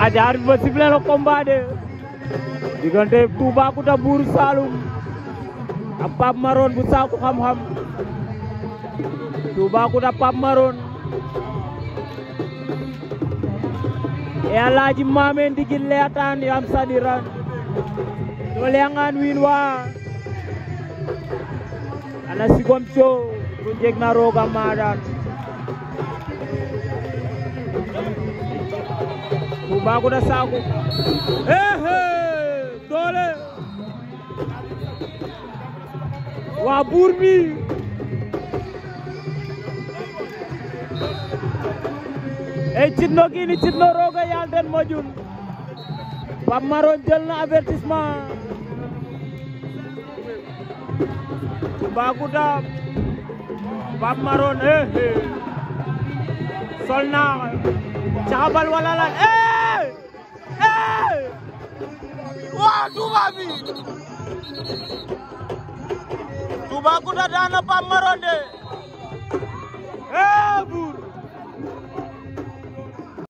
ajar besibelah kombade digante Touba aku Bour buru salung, apa Maron bu saaku xam-xam Touba Kouta pap Maron e ya alaaji di ndigi leetaan am sadiran to leangan wiin wa ana sigom co ko jeg Toubacouta Saako ehe eh, doole waa buur bi ey citno kiini citno rooga yaal den mojun Pape Maron jël na avertissement Toubacouta Pape Maron ehe eh. sol na caxabal wala eh. Touba bi Touba Kouta daan na Pape Maronde